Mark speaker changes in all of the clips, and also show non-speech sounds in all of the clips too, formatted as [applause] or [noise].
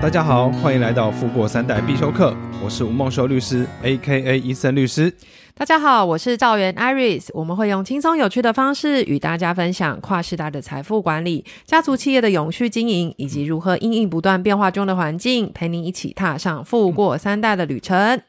Speaker 1: 大家好，歡迎來到《富過三代必修課》，我是吳夢修律師 （A.K.A. 伊森律師）。
Speaker 2: 大家好，我是趙源 （Iris）。我們會用輕鬆有趣的方式與大家分享跨世代的財富管理、家族企業的永續經營，以及如何因應不斷變化中的環境，陪您一起踏上富過三代的旅程。嗯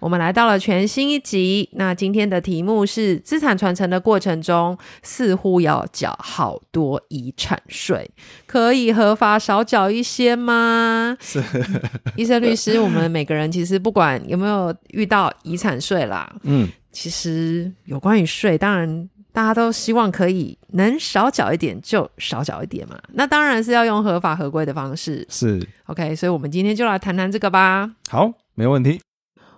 Speaker 2: 我們來到了全新一集，那今天的題目是資產傳承的過程中，似乎要繳好多遺產稅，可以合法少繳一些嗎？是， [laughs] 伊森律師，我們每個人其實不管有沒有遇到遺產稅啦，嗯，其實有關於稅，當然大家都希望可以能少繳一點就少繳一點嘛，那當然是要用合法合規的方式。是，OK，所以我們今天就來談談這個吧。
Speaker 1: 好，沒問題。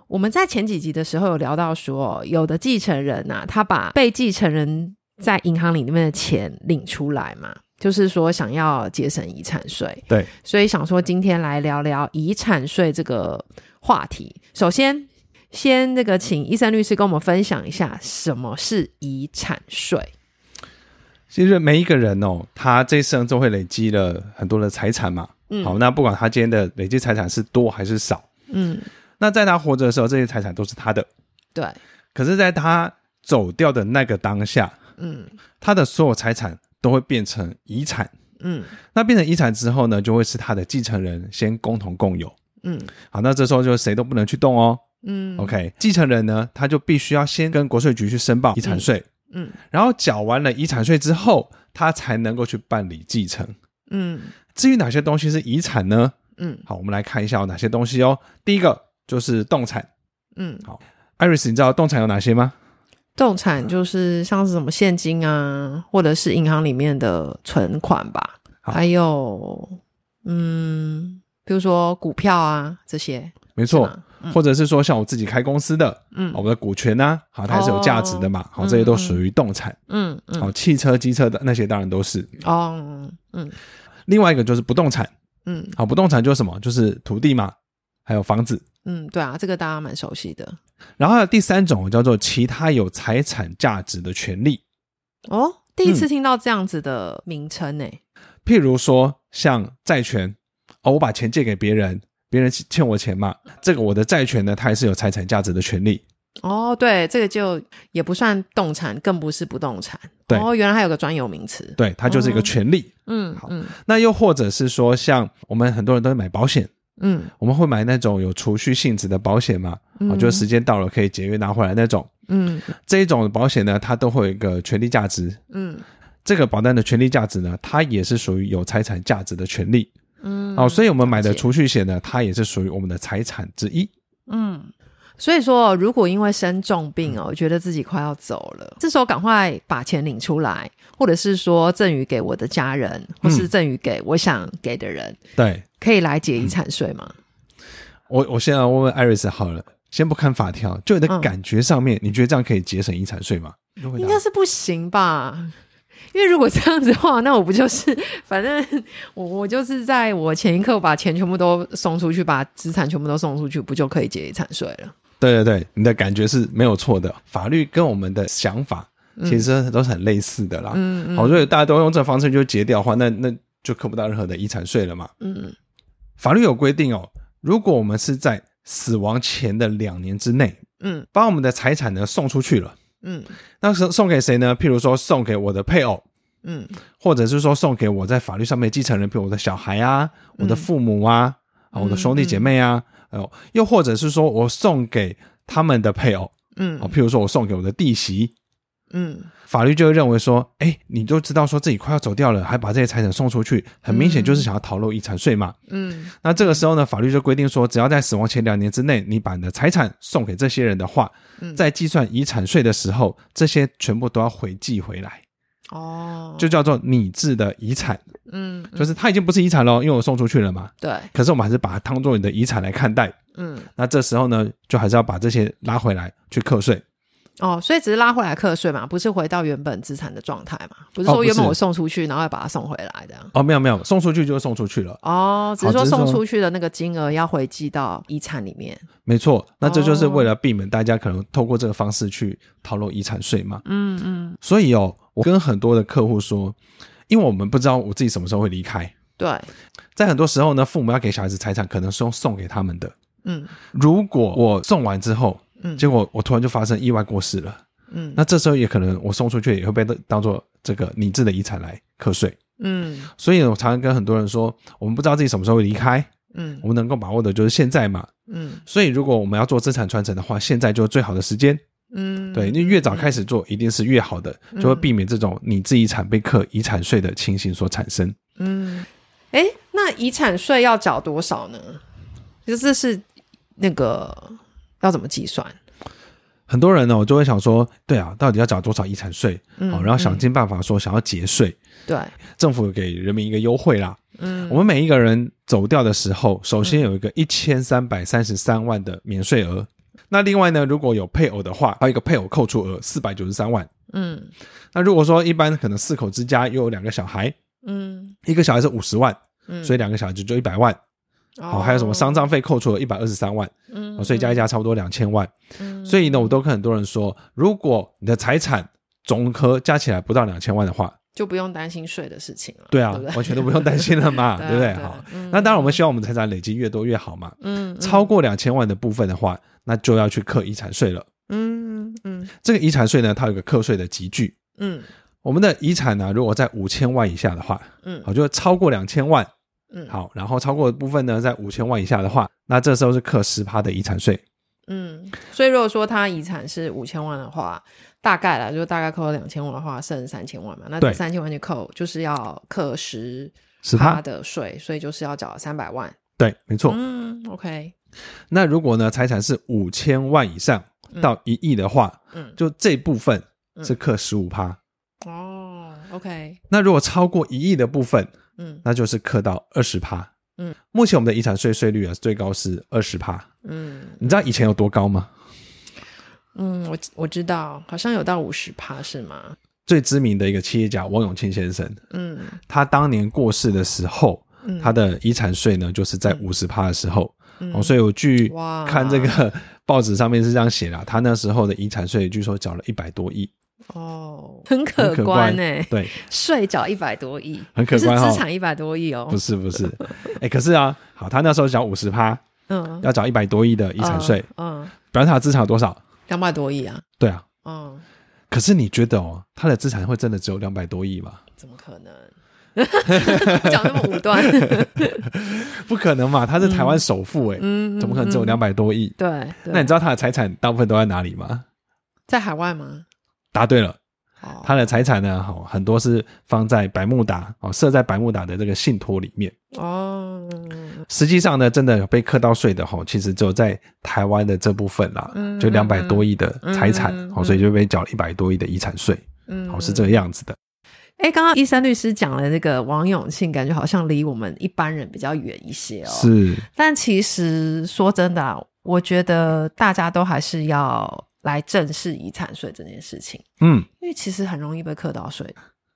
Speaker 2: 我們在前幾集的時候有聊到說，有的繼承人吶、啊，他把被繼承人在銀行裡面的錢領出來嘛，就是說想要節省遺產稅。對，所以想說今天來聊聊遺產稅這個話題。首先，先那個請伊森律師跟我們分享一下什麼是遺產稅。
Speaker 1: 其實每一個人哦，他這一生都會累積了很多的財產嘛。嗯、好，那不管他今天的累積財產是多還是少，嗯。那在他活着的時候，這些財產都是他的，對。可是在他走掉的那個當下，嗯，他的所有財產都會變成遺產，嗯。那變成遺產之後呢，就會是他的繼承人先共同共有，嗯。好，那這時候就誰都不能去動哦，嗯。OK，繼承人呢，他就必須要先跟國稅局去申報遺產稅，嗯，嗯。然後繳完了遺產稅之後，他才能夠去辦理繼承，嗯。至於哪些東西是遺產呢？嗯。好，我們來看一下有哪些東西哦。第一個。就是動產，嗯，好，Iris，你知道動產有哪些嗎？
Speaker 2: 動產就是像是什麼現金啊，或者是銀行裡面的存款吧，好還有，嗯，比如說股票啊這些，
Speaker 1: 沒錯，嗎或者是說像我自己開公司的，嗯，我的股權啊，好，它還是有價值的嘛，哦、好，這些都屬於動產，嗯嗯，好，汽車、機車的那些當然都是，哦，嗯，另外一個就是不動產，嗯，好，不動產就是什麼，就是土地嘛，還有房子。
Speaker 2: 嗯，對啊，這個大家蠻熟悉的。
Speaker 1: 然後第三種叫做其他有財產價值的權利。
Speaker 2: 哦，第一次聽到這樣子的名稱呢。嗯，
Speaker 1: 譬如說像債權，哦，我把錢借給別人，別人欠我錢嘛，這個我的債權呢，它也是有財產價值的權利。
Speaker 2: 哦，對，這個就也不算動產，更不是不動產。對，哦，原來還有個專有名詞，對，它就是一個權利。嗯，好，嗯嗯。
Speaker 1: 那又或者是說，像我們很多人都會買保險。嗯，我們會買那種有儲蓄性質的保險嘛。我、嗯、就是時間到了可以解約拿回來那種。嗯，這一種保險呢，它都會有一個權利價值。嗯，這個保單的權利價值呢，它也是屬於有財產價值的權利。
Speaker 2: 嗯，哦，所以我
Speaker 1: 們買的儲蓄險呢，且它也是屬於我們的財產之一。嗯。
Speaker 2: 所以說，如果因為生重病，哦，嗯、我覺得自己快要走了，這時候趕快把錢領出來，或者是說贈與給我的家人，嗯、或是贈與給我想給的人，對，可以來解遺產稅嗎？嗯、
Speaker 1: 我我現在要問問 Iris 好了，先不看法條，就你的感覺上面，嗯、你覺得這樣可以節省遺產稅嗎？
Speaker 2: 應該是不行吧？因為如果這樣子的話，那我不就是反正我我就是在我前一刻把錢全部都送出去，把資產全部都送出去，不就可以解遺產稅了？
Speaker 1: 對對對，你的感覺是沒有錯的。法律跟我們的想法其實都是很類似的啦。嗯，嗯，嗯。好，所以大家都用這方式就結掉的話，那那就扣不到任何的遺產稅了嘛。嗯。法律有規定哦，如果我們是在死亡前的兩年之內，嗯，把我們的財產呢送出去了，嗯，那是送給誰呢？譬如說送給我的配偶，嗯，或者是說送給我在法律上面繼承人，譬如我的小孩啊，嗯、我的父母啊，啊、嗯，我的兄弟姐妹啊。嗯嗯。哦，又或者是說我送給他們的配偶，嗯，啊，譬如說我送給我的弟媳，嗯，法律就會認為說，哎、欸，你就知道說自己快要走掉了，還把這些財產送出去，很明顯就是想要逃漏遺產稅嘛，嗯，那這個時候呢，法律就規定說，只要在死亡前兩年之內，你把你的財產送給這些人的話，在計算遺產稅的時候，這些全部都要回寄回來。哦，就叫做擬制的遺產，嗯，嗯，就是它已經不是遺產了，因為我送出去了嘛。對，可是我們還是把它當做你的遺產來看待。嗯，那這時候呢，就還是要把這些拉回來去課稅。
Speaker 2: 哦，所以只是拉回來課稅嘛，不是回到原本資產的狀態嘛？不是說原本我送出去，哦、然後要把它送回來
Speaker 1: 的？哦，沒有沒有，送出去就送出去了。哦，只是說送出
Speaker 2: 去的那個金額要回計到遺產裡面。哦、沒錯，那這就是為
Speaker 1: 了避免大家可能透過這個方式去逃漏遺產稅嘛。嗯嗯，嗯，所以哦。我跟很多的客戶說，因為我們不知道我自己什麼時候會離開。對，在很多時候呢，父母要給小孩子財產，可能是要送給他們的。嗯，如果我送完之後，嗯，結果我突然就發生意外過世了，嗯，那這時候也可能我送出去也會被當做這個擬制的遺產來課稅。嗯，所以我常常跟很多人說，我們不知道自己什麼時候會離開，嗯，我們能夠把握的就是現在嘛，嗯，所以如果我們要做資產傳承的話，現在就是最好的時間。嗯，對，你越早開始做，嗯、一定是越好的，就會避免這種你自己產被課遺產稅的情形所產生。
Speaker 2: 嗯，哎，那遺產稅要繳多少呢？其實這是那個要怎麼計算？
Speaker 1: 很多人呢、哦，我就會想說，對啊，到底要繳多少遺產稅？嗯、然後想盡辦法說、嗯、想要節稅。對，政府給人民一個優惠啦。嗯，我們每一個人走掉的時候，首先有一個一千三百三十三萬的免稅額。嗯那另外呢，如果有配偶的話，還有一個配偶扣除額四百九十三萬。嗯，那如果說一般可能四口之家又有兩個小孩，
Speaker 2: 嗯，
Speaker 1: 一個小孩是五十萬，嗯，所以兩個小孩就就一百萬。
Speaker 2: 哦，還有什麼喪
Speaker 1: 葬費扣除額一百二十三萬，
Speaker 2: 嗯，所以加一
Speaker 1: 加差不多兩千萬。嗯，所以呢，我都跟很多人說，如果你的財產總和加起來不到兩千萬的話，
Speaker 2: 就不用擔心稅的事情了。對啊，完全都不用擔心了嘛，對不對？好，那
Speaker 1: 當然我們希望我們財產累積越多越好嘛。
Speaker 2: 嗯，超
Speaker 1: 過兩千萬的部分的話。那就要去課遺產稅了。嗯嗯，嗯，這個遺產稅呢，它有個課稅的級距。嗯，我們的遺產呢、啊，如果在五千萬以下的話，嗯，好，就超過兩千萬。嗯，好，然後超過的部分呢，在五千萬以下的話，那這時候是課十趴的遺產稅。嗯，
Speaker 2: 所以如果說他遺產是五千萬的話，大概啦，就大概扣了兩千萬的話，剩三千萬嘛。那這三千萬就扣，對就是要課十十趴的稅，他所以就是要繳三百萬。對，沒錯。嗯，OK。
Speaker 1: 那如果呢，財產是五千萬以上到一億的話，嗯嗯、就這部分是課十五趴
Speaker 2: 哦。OK。
Speaker 1: 那如果超過一億的部分，嗯，那就是課到二十趴。
Speaker 2: 嗯，
Speaker 1: 目前我們的遺產稅稅率啊，最高是二十趴。嗯，你知道以前有多高嗎？嗯，
Speaker 2: 我我知道，好像有到五十趴是嗎？
Speaker 1: 最知名的一個企業家王永慶先生，嗯，他當年過世的時候，嗯、他的遺產稅呢，就是在五十趴的時候。嗯嗯哦，所以我去看這個報紙上面是這樣寫的，他那時候的遺產稅據說繳了一百多億
Speaker 2: 哦，很可觀呢。對，稅繳一百多億，很可觀啊。是資產一百多億哦，不
Speaker 1: 是不是，哎，可是啊，好，他那時候繳五十趴，嗯，要繳一百多億的遺產稅，嗯，表示他的資產有多少？
Speaker 2: 兩百多億啊？
Speaker 1: 對啊，嗯，可是你覺得哦，他的資產會真的只有兩百多億嗎？
Speaker 2: 怎麼可能？講 [laughs] 那麼武斷， [laughs]
Speaker 1: 不可能嘛？他是台灣首富哎、欸，嗯、怎麼可能只有兩百多億？嗯嗯嗯、對，對，那你知道他的財產大部分都在哪裡嗎？
Speaker 2: 在海外嗎？
Speaker 1: 答對了，哦、他的財產呢，很多是放在百慕達哦，設在百慕達的這個信託裡面哦。實際上呢，真的被課到稅的哦，其實只有在台灣的這部分啦，就兩百多億的財產，嗯嗯嗯嗯嗯、所以就被繳了一百多億的遺產稅，哦、嗯，是這個樣子的。
Speaker 2: 哎，剛剛伊森律師講了那、這個王永慶，感覺好像離我們一般人比較遠一些哦。是，但其實說真的，我覺得大家都還是要來正視遺產稅這件事情。嗯，因為其實很容易被課到稅，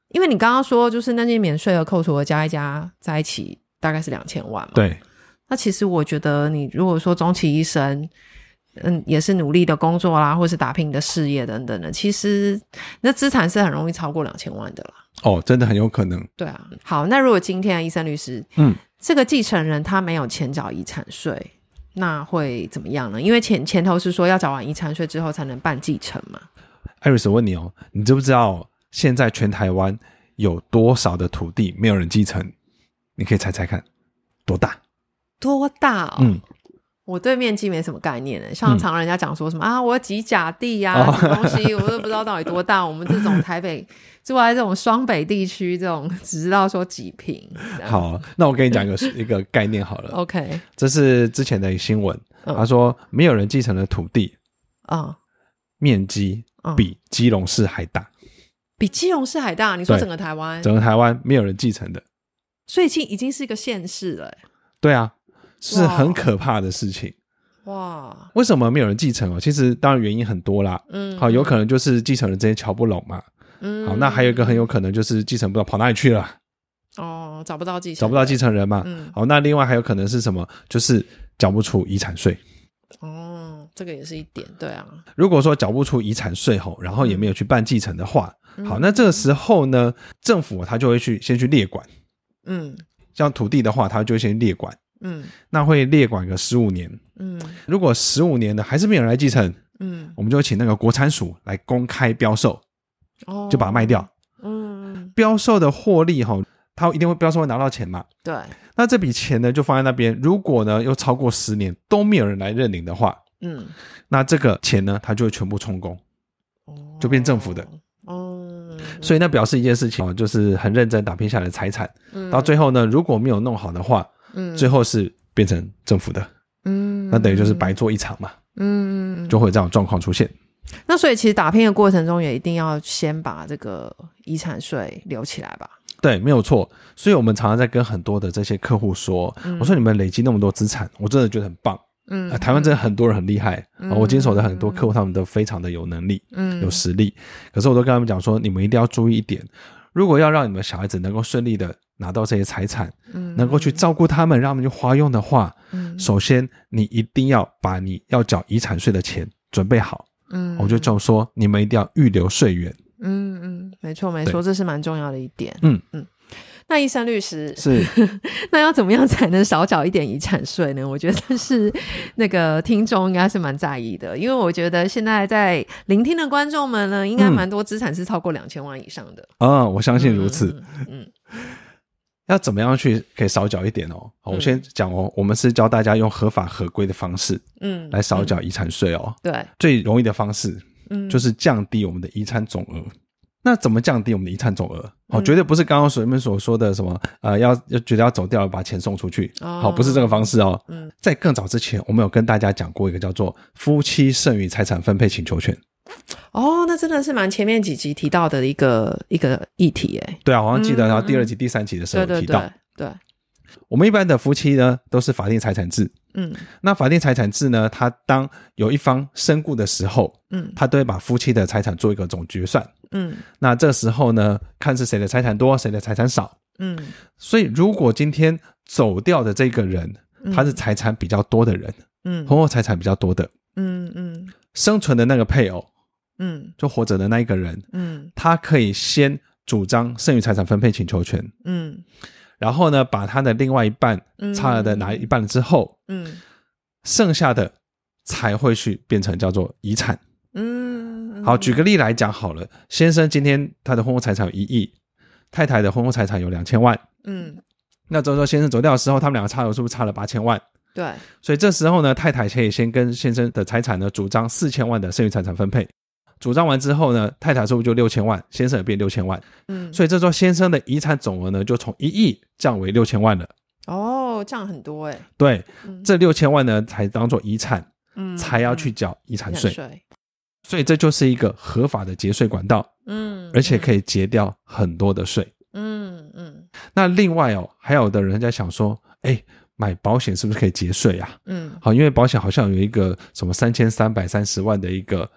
Speaker 2: 因為你剛剛說就是那些免稅和扣除的加一加在一起大概是兩千萬嘛。對。那其實我覺得，你如果說終其一生嗯，也是努力的工作啦，或是打拼的事業等等的，其實那資產是很容易超過兩千萬的啦。哦，真的很有可能。對啊。好，那如果今天伊森律師，嗯，這個繼承人他沒有錢繳遺產稅，那會怎麼樣呢？因為前前頭是說要繳完遺產稅之後才能辦繼承嘛。
Speaker 1: 艾瑞斯我問你哦，你知不知道現在全台灣有多少的土地沒有人繼承？你可以猜猜看，多
Speaker 2: 大？多大哦？嗯。我對面積沒什麼概念，欸、像常，常人家講說什麼、嗯、啊，我幾甲地呀，啊，什麼東西，哦、我都不知道到底多大。 [laughs] 我們這種台北住在這種雙北地區，這種只知道說幾坪。好，那我給你講一個 [laughs] 一
Speaker 1: 個概念好了。OK，這是之前的一新聞，他說沒有人繼承的土地啊，嗯、面積比基隆市還大，嗯，
Speaker 2: 比基隆市還大。你說整個台灣，整個
Speaker 1: 台灣沒有人繼承的，
Speaker 2: 所以已經已經是一個縣市了，欸。
Speaker 1: 對啊。是很可怕的事情
Speaker 2: 哇！Wow. Wow.
Speaker 1: 為什麼沒有人繼承哦？其實當然原因很多啦。嗯，好，有可能就是繼承人之間瞧不攏嘛。嗯，
Speaker 2: 好，那還有一
Speaker 1: 個很有可能就是繼承人不知道跑哪裡去了。
Speaker 2: 哦，找不到繼承人，找不到繼承人
Speaker 1: 嘛。嗯。好，那另外還有可能是什麼？就是繳不出遺產稅。
Speaker 2: 哦，這個也是一點對啊。
Speaker 1: 如果說繳不出遺產稅吼，然後也沒有去辦繼承的話，嗯、好，那這個時候呢，政府他就會去先去列管。嗯，像土地的話，他就先列管。嗯，那會列管個十五年，嗯，如果十五年的還是沒有人來繼承，嗯，我們就會請那個國產署來公開標售，
Speaker 2: 哦，就把它賣掉，嗯，
Speaker 1: 標售的獲利哈、哦，他一定會標售會拿到錢嘛，對，那這筆錢呢就放在那邊，如果呢又超過十年都沒有人來認領的話，
Speaker 2: 嗯，
Speaker 1: 那這個錢呢他就會全部充公，哦，就變政府的，哦，所以那表示一件事情啊，就是很認真打拼下來的財產，嗯、到最後呢如果沒有弄好的話。最後是變成政府的，
Speaker 2: 嗯，那等
Speaker 1: 於就是白做一場嘛，嗯，就會這樣有這種狀況出現。
Speaker 2: 那所以其實打拼的過程中，也一定要先把這個遺產稅留起來吧。
Speaker 1: 對，沒有錯。所以我們常常在跟很多的這些客戶說，嗯，我說你們累積那麼多資產，我真的覺得很棒。嗯，呃，台灣真的很多人很厲害，嗯，我經手的很多客戶，他們都非常的有能力，嗯，有實力。可是我都跟他們講說，你們一定要注意一點。如果要讓你們小孩子，能夠順利的拿到這些財產，嗯，能夠去照顧他們，讓他們去花用的話，嗯，首先你一定要把你要繳遺產稅的錢準備好，嗯，我就叫說，你們一定要預留稅源，嗯
Speaker 2: 嗯，嗯，沒錯沒錯，對，這是蠻重要的一點，嗯嗯。嗯那伊森律師是 [laughs] 那要怎麼樣才能少繳一點遺產稅呢？我覺得是那個聽眾應該是蠻在意的，因為我覺得現在在聆聽的觀眾們呢，應該蠻多資產是超過兩千萬以上的，
Speaker 1: 嗯、啊，我相信如此。嗯，嗯，嗯， [laughs] 要怎麼樣去可以少繳一點哦，喔？我先講哦，喔，嗯、我們是教大家用合法合規的方式，嗯，來少繳遺產稅哦，喔嗯嗯。對，最容易的方式，嗯，就是降低我們的遺產總額。嗯那怎麼降低我們的遺產總額？哦，絕對不是剛剛我們所說的什麼、嗯、呃，要要覺得要走掉了，把錢送出去，好、哦哦，不是這個方式哦。嗯，在更早之前，我們有跟大家講過一個叫做夫妻剩餘財產分配請求
Speaker 2: 權。哦，那真的是蠻前面幾集提到的一個一個議題耶。對啊，我好像記得，然後第二集、嗯嗯第三集的時候提到。對，對，對，對，我們一
Speaker 1: 般的夫妻呢，都是法定財產制。
Speaker 2: 嗯，
Speaker 1: 那法定財產制呢，他當有一方身故的時候，嗯，他都會把夫妻的財產做一個總決算。嗯，那這時候呢，看是誰的財產多，誰的財產少。嗯，所以如果今天走掉的這個人，
Speaker 2: 他是財
Speaker 1: 產比較多的人，嗯，婚後財產比較多的，嗯嗯，
Speaker 2: 嗯
Speaker 1: 生存的那個配偶，嗯，就活着的那一個人，嗯，他可以先主張剩餘財產分配請求權，嗯，然後呢，把他的另外一半差額的拿一半之後，嗯，嗯嗯剩下的才會去變成叫做遺產。好，舉個例來講好了，先生今天他的婚後財產有一億，太太的婚後財產有兩千萬，嗯，那這時候先生走掉的時候，他們兩個差額是不是差了八千萬？對，所以這時候呢，太太可以先跟先生的財產呢主張四千萬的剩餘財產分配，主張完之後呢，太太是不是就六千萬，先生也變六千萬，嗯，所以這時候先生的遺產總額呢就從一億降為六千萬
Speaker 2: 了，哦，降很多誒。
Speaker 1: 對，這六千萬呢才當做遺產，嗯，嗯，才要去繳遺產稅。所以這就是一個合法的節稅管道，嗯，而且可以節掉很多的稅，嗯嗯。
Speaker 2: 嗯，
Speaker 1: 那另外哦，還有的人在想說，哎，買保險是不是可以節稅啊？嗯，好，因為保險好像有一個什麽三千三百三十萬的一個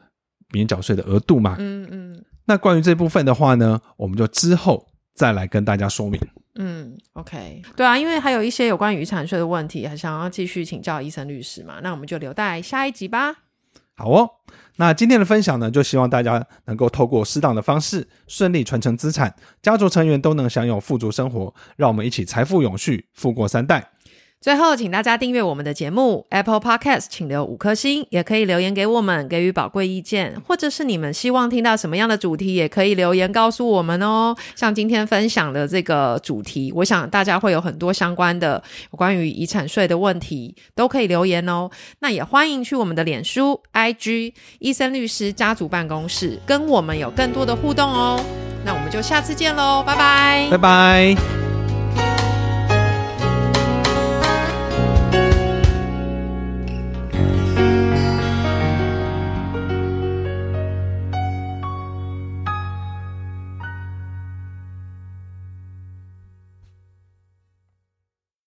Speaker 1: 免繳稅的額度嘛，嗯嗯。
Speaker 2: 嗯，
Speaker 1: 那關於這部分的話呢，我們就之後再來跟大家說明。
Speaker 2: 嗯，OK，對啊，因為還有一些有關於遺產稅的問題，還想要繼續請教伊森律師嘛？那我們就留待下一集吧。
Speaker 1: 好哦，那今天的分享呢，就希望大家能夠透過適當的方式，順利傳承資產，家族成員都能享有富足生活，讓我們一起財富永續，富過三代。
Speaker 2: 最後，請大家訂閱我們的節目 Apple Podcast，請留五顆星，也可以留言給我們，給予寶貴意見，或者是你們希望聽到什麼樣的主題，也可以留言告訴我們哦。像今天分享的這個主題，我想大家會有很多相關的關於遺產稅的問題，都可以留言哦。那也歡迎去我們的臉書、IG 伊森律師家族辦公室，跟我們有更多的互動哦。那我們就下次見嘍，拜拜，
Speaker 1: 拜拜。